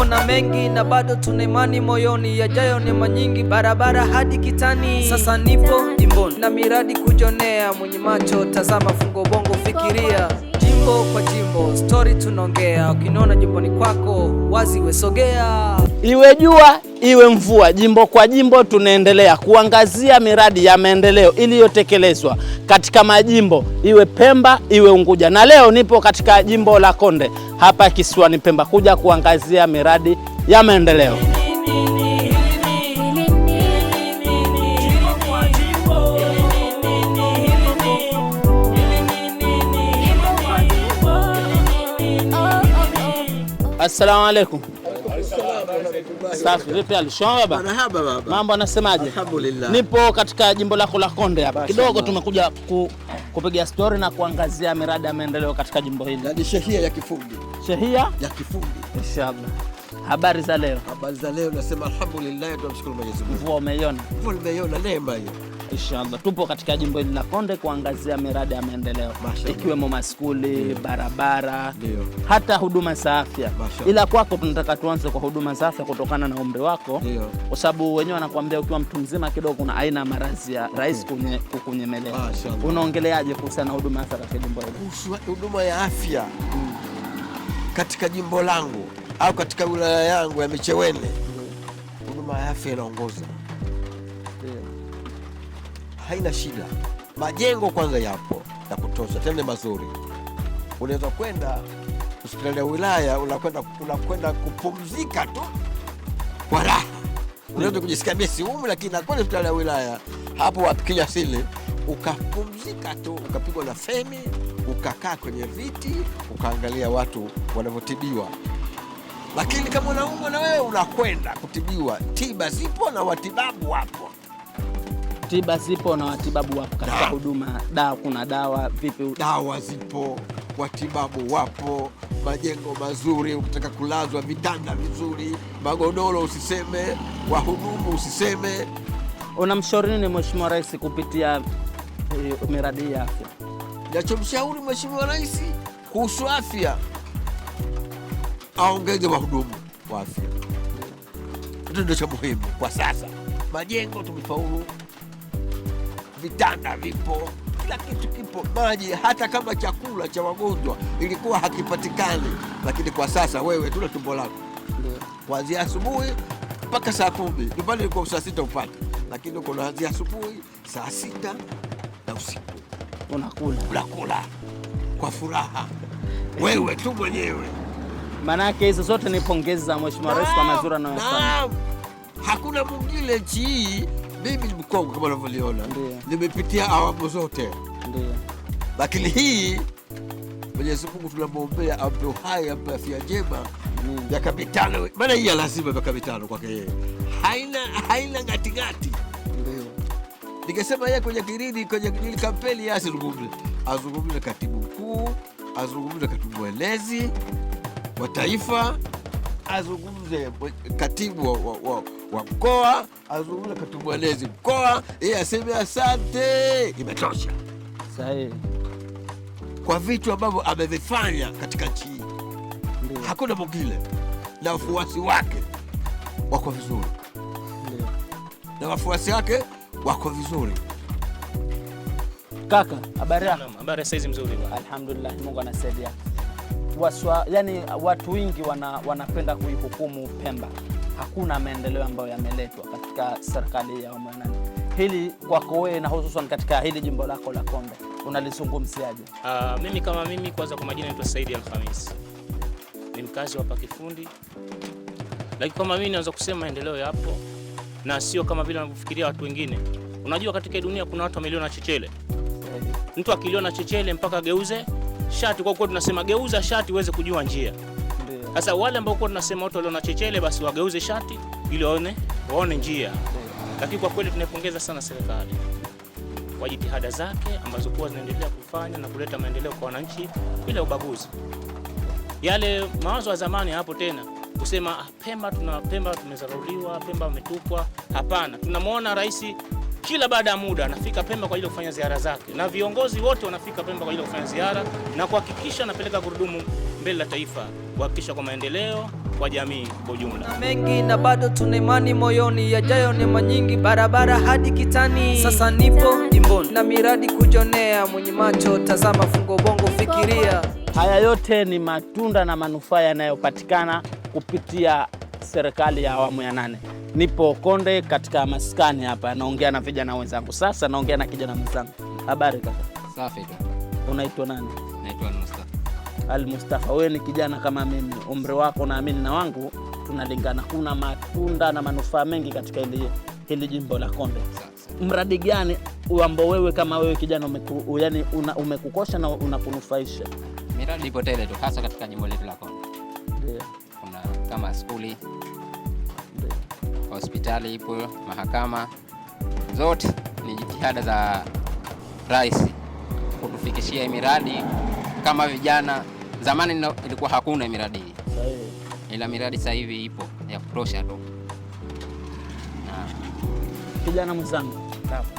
Tumeona mengi na bado tuna imani moyoni, yajayo ni manyingi, barabara hadi kitani. Sasa nipo jimboni na miradi kujonea, mwenye macho tazama, fungo bongo fikiria Jimbo kwa jimbo, story tunaongea. Ukiniona jimboni kwako, wazi wesogea. Iwe jua iwe mvua, jimbo kwa jimbo tunaendelea kuangazia miradi ya maendeleo iliyotekelezwa katika majimbo, iwe Pemba iwe Unguja, na leo nipo katika jimbo la Konde hapa kisiwani Pemba kuja kuangazia miradi ya maendeleo. Assalamu alaikum. Safi, vipi alishona baba? Marhaba baba. Mambo anasemaje? Alhamdulillah. Nipo katika jimbo lako la Konde hapa. Kidogo tumekuja ku, kupiga story na kuangazia miradi ya maendeleo katika jimbo hili. Na shehia ya Kifundi. Shehia ya Kifundi. Inshallah. Habari za leo. Habari za leo nasema alhamdulillah tunamshukuru Mwenyezi Mungu. Mvua umeiona? Mvua umeiona neema hiyo. Inshallah tupo katika jimbo hili la Konde kuangazia miradi ya maendeleo ikiwemo maskuli, barabara, Dio. hata huduma za afya. Ila kwako tunataka tuanze kwa huduma za afya kutokana na umri wako, kwa sababu wenyewe wanakuambia ukiwa mtu mzima kidogo kuna aina ya maradhi ya rahisi kukunyemelea. Unaongeleaje kuhusiana na huduma za afya katika jimbo hili? Huduma ya afya mm. katika jimbo langu au katika wilaya yangu ya Micheweni, mm. huduma ya afya inaongoza haina shida. Majengo kwanza yapo ya kutosha, tena mazuri. Unaweza kwenda hospitali ya wilaya, unakwenda unakwenda kupumzika tu kwa raha, unaweza kujisikia mimi umu, lakini nakwenda hospitali ya wilaya hapo wapikinya sile ukapumzika tu, ukapigwa na femi, ukakaa kwenye viti, ukaangalia watu wanavyotibiwa. Lakini kama unaumwa na wewe unakwenda kutibiwa, tiba zipo na watibabu wapo tiba zipo na watibabu wapo katika huduma. Dawa kuna dawa vipi? Dawa zipo, watibabu wapo, majengo mazuri, ukitaka kulazwa vitanda vizuri, magodoro usiseme, wahudumu usiseme. Unamshauri nini Mheshimiwa Rais kupitia eh, miradi ya afya? Nachomshauri Mheshimiwa Rais kuhusu afya, aongeze wahudumu wa afya, ndio cha muhimu kwa sasa. Majengo tumefaulu vitanda vipo, kila kitu kipo, maji, hata kama chakula cha wagonjwa ilikuwa hakipatikani, lakini kwa sasa wewe tuna tumbo lako kuanzia asubuhi mpaka saa kumi. Nyumbani ilikuwa saa sita upate, lakini uko naanzia asubuhi saa sita na usiku unakula, unakula kwa furaha wewe tu mwenyewe. Maanake hizo zote ni pongezi za mheshimiwa rais kwa mazuri anayofanya. Hakuna mwingine nchi hii mimi ni mkongwe kama unavyoliona, nimepitia awamu zote, lakini hii Mwenyezi Mungu tunamwombea ampe uhai, ampe afya njema miaka mitano, maana hii lazima miaka mitano kwake yeye, haina haina ngatingati. Nikasema yeye kwenye kiridi kwenye kijili kampeni asizungumze, azungumze katibu mkuu, azungumze katibu mwelezi wa taifa azungumze katibu wa, wa, wa mkoa, azungumze katibu mwenezi mkoa, yeye aseme asante, imetosha. Sahihi. Kwa vitu ambavyo amevifanya katika nchi hii hakuna mwingine, na wafuasi wake wako vizuri na wafuasi wake wako vizuri. Kaka, habari yako? Habari saizi mzuri. Alhamdulillah, Mungu anasaidia waswa, yani watu wengi wana, wanapenda kuihukumu Pemba. Hakuna maendeleo ambayo yameletwa katika serikali ya awamu ya nane. Hili kwako wewe na hususan katika hili jimbo lako la Konde unalizungumziaje? Uh, mimi kama mimi kwanza, kwa majina naitwa Saidi Alhamis, ni mkazi wa Pakifundi, lakini kama mimi naweza kusema maendeleo yapo na sio kama vile wanavyofikiria watu wengine. Unajua katika dunia kuna watu na chechele, mtu akiliona chechele mpaka ageuze shati kwa kuwa tunasema geuza shati uweze kujua njia. Sasa wale ambao kwa tunasema watu walio na chechele basi wageuze shati ili waone waone njia. Lakini kwa kweli tunaipongeza sana serikali kwa jitihada zake ambazo kwa zinaendelea kufanya na kuleta maendeleo kwa wananchi bila ubaguzi. Yale mawazo ya zamani hapo tena kusema ah, Pemba tuna Pemba Pemba ametupwa, Hapana, tunamwona rais kila baada ya muda anafika Pemba kwa ajili ya kufanya ziara zake, na viongozi wote wanafika Pemba kwa ajili ya kufanya ziara na kuhakikisha anapeleka gurudumu mbele la taifa, kuhakikisha kwa maendeleo kwa jamii kwa ujumla. Mengi na bado tuna imani moyoni, yajayo ni manyingi, barabara hadi kitani. Sasa nipo jimboni na miradi kujonea, mwenye macho tazama, fungo bongo fikiria. Haya yote ni matunda na manufaa yanayopatikana kupitia serikali ya awamu ya nane. Nipo Konde katika maskani hapa, naongea na vijana wenzangu. Sasa naongea na kijana mwenzangu. Habari kaka? Safi tu. Unaitwa nani? Naitwa Al-Mustafa. mustafa wewe ni kijana kama mimi, umri wako naamini na wangu tunalingana. Kuna matunda na manufaa mengi katika hili, hili jimbo la Konde. Mradi gani ambao wewe kama wewe kijana umeku, yani una, umekukosha na unakunufaisha? Miradi ipo tele tu hasa katika jimbo letu la Konde. Ndio kuna kama skuli, hospitali ipo, mahakama, zote ni jitihada za rais kutufikishia miradi kama vijana. Zamani ilikuwa hakuna miradi hii, ila miradi sasa hivi ipo ya kutosha tu. Kijana mwenzangu,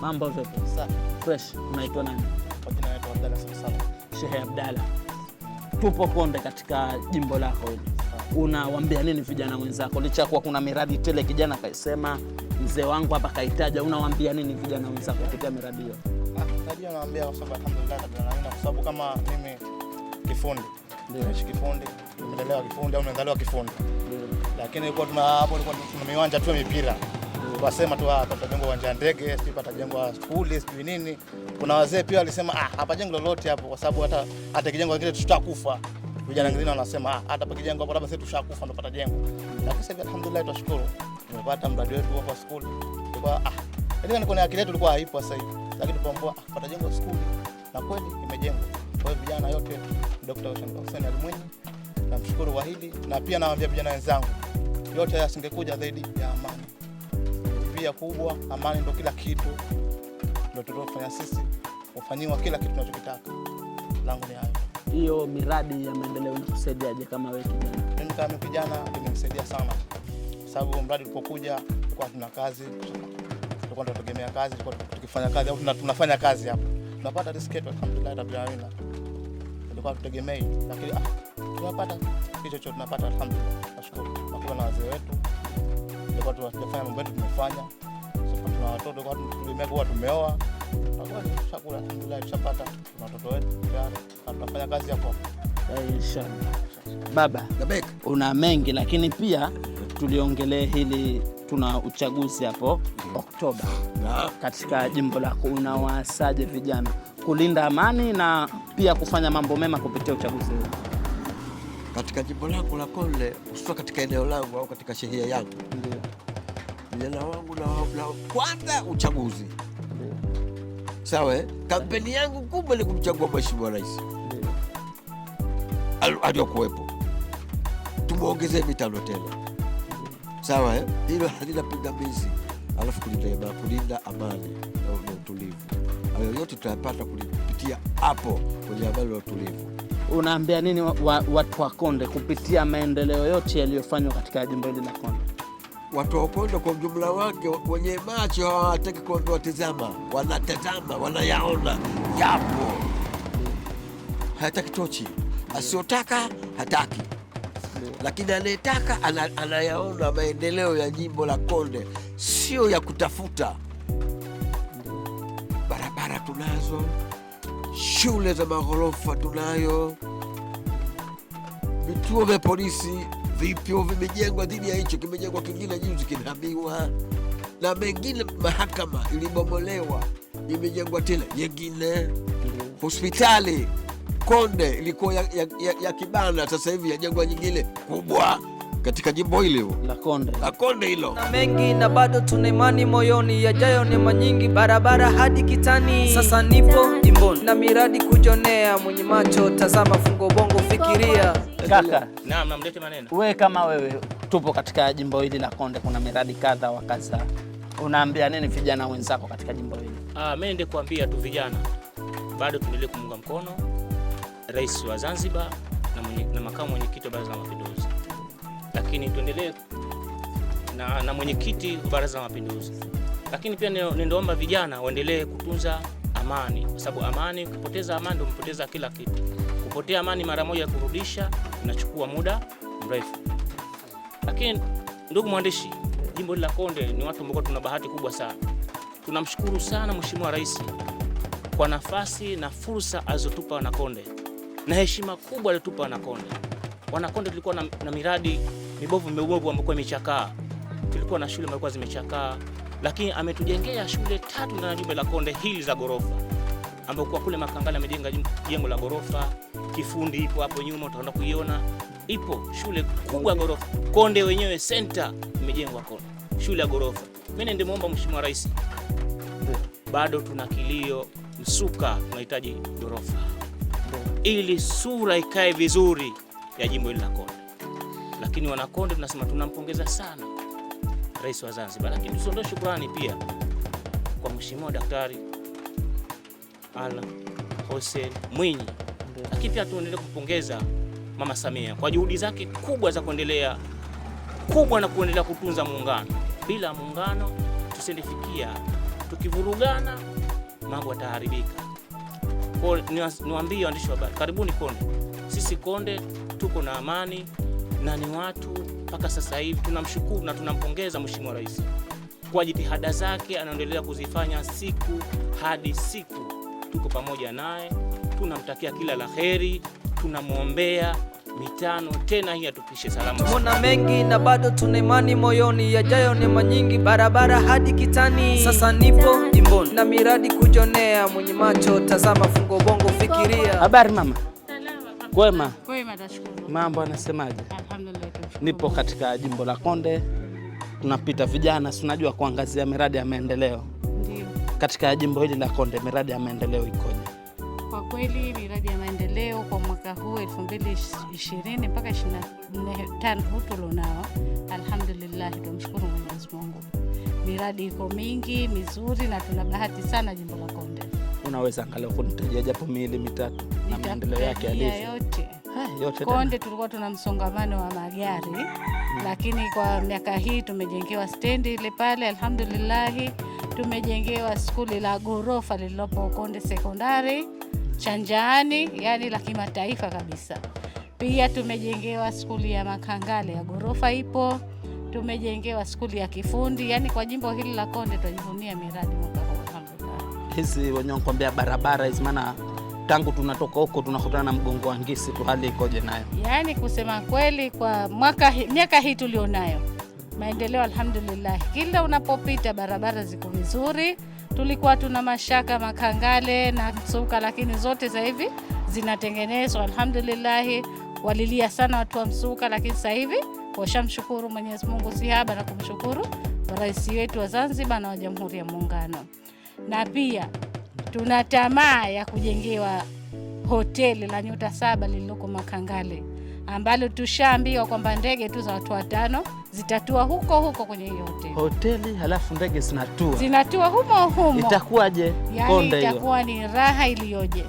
mambo vipi? Fresh. Unaitwa nani? Shehe Abdalla, tupo Konde katika jimbo lako hili unawambia nini vijana wenzako? Licha kuwa kuna miradi tele, kijana kaisema, mzee wangu hapa kaitaja, unawambia nini vijana wenzako kupitia miradi hiyo? Ah, nawaambia kwa sababu alhamdulillah, naenda kwa sababu kama mimi kifundi, naishi kifundi, nimelelewa kifundi au nimezaliwa kifundi, lakini ilikuwa tuna hapo, ilikuwa tuna miwanja tu mipira wasema tu ah, hapa tutajengwa uwanja ndege, sijui patajengwa skuli, sijui nini. Kuna wazee pia walisema ah, hapa jengo lolote hapo, kwa sababu hata hata kijengo kile tutakufa. Vijana wengine wanasema ah, hata peke jengo hapo, labda sisi tushakufa tumepata jengo, lakini sasa alhamdulillah, tunashukuru tumepata mradi wetu wa school. Tulikuwa ah, ndio ni kwa akili yetu ilikuwa haipo sasa hivi, lakini tukaambiwa ah, pata jengo school, na kweli imejengwa. Kwa hiyo vijana yote, Dr. Hussein Ali Mwinyi namshukuru kwa hili, na pia nawaambia vijana wenzangu, yote yasingekuja zaidi ya amani. Pia kubwa, amani ndio kila kitu, ndio tulofanya sisi, ufanyiwa kila kitu tunachokitaka. Langu ni hayo hiyo miradi ya maendeleo inakusaidiaje kama wewe kijana? Mimi kama kijana imenisaidia sana, kwa sababu mradi ulipokuja kwa tuna kazi, tulikuwa tunategemea kazi, tulikuwa tukifanya kazi au tunafanya kazi hapa tunapata riziki yetu, alhamdulillah rabbil alamin. Tulikuwa tutegemei, lakini ah, tunapata hicho chote, tunapata alhamdulillah, nashukuru kwa na wazee wetu, tulikuwa tunafanya mambo yetu tumefanya, sasa tuna watoto kwa tumeoa chakula tushapata watoto wetu tayari, kazi hapo eh, Baba, una mengi lakini pia tuliongelee hili, tuna uchaguzi hapo Oktoba katika jimbo lako, unawaasaje vijana kulinda amani na pia kufanya mambo mema kupitia uchaguzi huu katika jimbo lako la Konde, hususa katika eneo langu au katika shehia yangu, vijana wangu na kwanza uchaguzi sawa eh? Kampeni yangu kubwa ni kumchagua mheshimiwa rais aliyokuwepo, tumwongezee mitano tena, sawa eh? Hilo halina pingamizi, alafu kulinda, kulinda amani na utulivu. Hayo yote tutayapata kupitia hapo kwenye amani na utulivu. Unaambia nini watu wa, wa Konde kupitia maendeleo yote yaliyofanywa katika jimbo hili la Konde? watu pondo kwa ujumla wake, wenye macho hawataki kuondoa wanatazama wanayaona, yapo hayataki tochi. Asiyotaka hataki, lakini anayetaka anayaona maendeleo ya jimbo la Konde, sio ya kutafuta. Barabara tunazo, shule za maghorofa tunayo, vituo vya polisi vipyo vimejengwa dhidi ya hicho, kimejengwa kingine juzi kinahamiwa, na mengine mahakama ilibomolewa, imejengwa tena nyingine. Hospitali Konde ilikuwa ya, ya, ya, ya kibanda, sasa hivi yajengwa nyingine kubwa katika jimbo hili la Konde, la Konde hilo na mengi na bado tuna imani moyoni, yajayo neema nyingi, barabara hadi kitani. Sasa nipo jimboni na miradi kujonea, mwenye macho tazama, fungo bongo fikiria. Kaka naam, namlete maneno wewe. Kama wewe, tupo katika jimbo hili la Konde, kuna miradi kadha wa kadha, unaambia nini vijana wenzako katika jimbo hili? Ah, mimi ndio kuambia tu vijana, bado tuendelee kumunga mkono Rais wa Zanzibar na, mwenye, na makamu mwenyekiti wa Baraza la Mapinduzi lakini tuendelee na, na mwenyekiti wa Baraza la Mapinduzi, lakini pia ninaomba vijana waendelee kutunza amani, kwa sababu amani, ukipoteza amani umepoteza kila kitu. Kupotea amani mara moja ya kurudisha inachukua muda mrefu. Lakini ndugu mwandishi, jimbo la Konde ni watu ambao tuna bahati kubwa sana. Tunamshukuru sana Mheshimiwa Rais kwa nafasi na fursa alizotupa Wanakonde na heshima kubwa aliotupa Wanakonde. Wanakonde tulikuwa na, na miradi mibovu mibovu ambayo imechakaa. Tulikuwa na shule ambazo zimechakaa, lakini ametujengea shule tatu ndani ya jumba la Konde hili za gorofa, ambapo kwa kule Makangala amejenga jengo la gorofa. Kifundi ipo hapo nyuma, utaenda kuiona, ipo shule kubwa gorofa. Konde wenyewe center imejengwa Konde, shule ya gorofa. Mimi ndio muomba Mheshimiwa Rais, bado tuna kilio Msuka, tunahitaji gorofa ili sura ikae vizuri ya jimbo hili la Konde. Lakini Wanakonde tunasema tunampongeza sana rais wa Zanzibar, lakini tusiondoe shukrani pia kwa mheshimiwa Daktari Anna Hussein Mwinyi, lakini pia tuendelee kupongeza Mama Samia kwa juhudi zake kubwa za kuendelea kubwa na kuendelea kutunza muungano. Bila muungano tusindifikia, tukivurugana mambo yataharibika. Niwaambie waandishi wa habari, karibuni Konde, sisi Konde tuko na amani na ni watu mpaka sasa hivi tunamshukuru na tunampongeza Mheshimiwa Rais kwa jitihada zake anaendelea kuzifanya siku hadi siku. Tuko pamoja naye, tunamtakia kila la heri, tunamwombea mitano tena hii atupishe salama. Tumeona mengi na bado tuna imani moyoni, yajayo neema nyingi, barabara hadi kitani. Sasa nipo jimboni na miradi kujonea, mwenye macho tazama, fungo bongo fikiria. Habari mama Kwema? Kwema, tashukuru. Mambo anasemaje? Alhamdulillah. Nipo katika jimbo la Konde, tunapita vijana, si unajua kuangazia miradi ya maendeleo. Ndiyo. Katika jimbo hili la Konde miradi ya maendeleo ikoje? Kwa kweli miradi ya maendeleo kwa mwaka huu 2020 mpaka 25 huu tulionao, alhamdulillah, tumshukuru Mwenyezi Mungu. Miradi iko mingi mizuri na tuna bahati sana jimbo la Konde anaweza angalau kunitajia japo miili mitatu na maendeleo yake alivyo tulikuwa tuna msongamano wa magari hmm. Lakini kwa miaka hii tumejengewa stendi ile pale, alhamdulillahi, tumejengewa skuli la ghorofa lililopo Konde Sekondari Chanjani, yani la kimataifa kabisa. Pia tumejengewa skuli ya Makangale ya ghorofa ipo, tumejengewa skuli ya kifundi, yani kwa jimbo hili la Konde tunajivunia miradi hizi wenye wanakuambia barabara hizi, maana tangu tunatoka huko tunakutana na mgongo wa ngisi tu, hali ikoje nayo? Yaani kusema kweli, kwa mwaka miaka hii tulionayo maendeleo alhamdulillah, kila unapopita barabara ziko vizuri. Tulikuwa tuna mashaka makangale na Msuka, lakini zote sasa hivi zinatengenezwa alhamdulillah. Walilia sana watu wa Msuka, lakini sasa hivi washamshukuru Mwenyezi Mungu sihaba na kumshukuru rais wetu wa Zanzibar na wa Jamhuri ya Muungano na pia tuna tamaa ya kujengewa hoteli la nyota saba lililoko Makangale ambalo tushaambiwa kwamba ndege tu za watu watano zitatua huko huko kwenye hiyo hoteli hoteli, halafu ndege zinatua zinatua humo humo. Itakuwaje? Yani itakuwa ni raha iliyoje!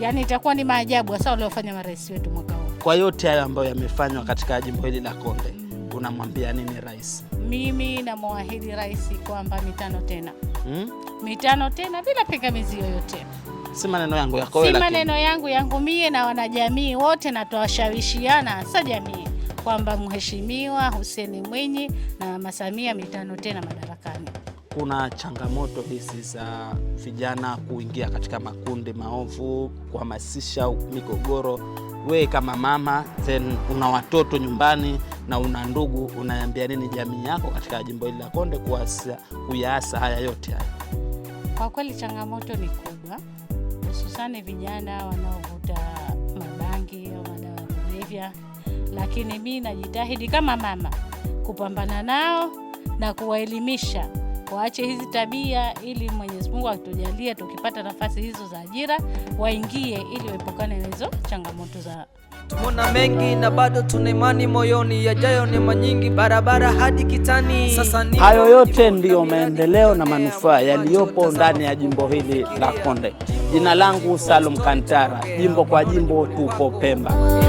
Yani itakuwa ni maajabu hasa waliofanya marais wetu mwaka huu. Kwa yote hayo ambayo yamefanywa katika jimbo hili la Konde, unamwambia nini rais? mimi namwahidi rais kwamba mitano tena hmm? mitano tena bila pingamizi yoyote. Si maneno yangu yako si maneno yangu yangu mie na wanajamii wote, na twashawishiana sa jamii kwamba Mheshimiwa huseni Mwinyi na masamia mitano tena madarakani. Kuna changamoto hizi za vijana kuingia katika makundi maovu, kuhamasisha migogoro we kama mama then una watoto nyumbani na una ndugu, unaambia nini jamii yako katika jimbo hili la Konde kuyaasa haya yote haya? Kwa kweli changamoto ni kubwa, hususani vijana wanaovuta mabangi au madawa ya kulevya, lakini mi najitahidi kama mama kupambana nao na kuwaelimisha waache hizi tabia, ili Mwenyezi Mungu atujalie tukipata nafasi hizo za ajira waingie, ili waepukane na hizo changamoto za tumona mengi na bado tuna imani moyoni, yajayo ni manyingi, barabara hadi kitani. Sasa ni hayo yote ndiyo maendeleo na manufaa yaliyopo ndani ya jimbo hili la Konde. Jina langu Salum Kantara, jimbo kwa jimbo tupo Pemba.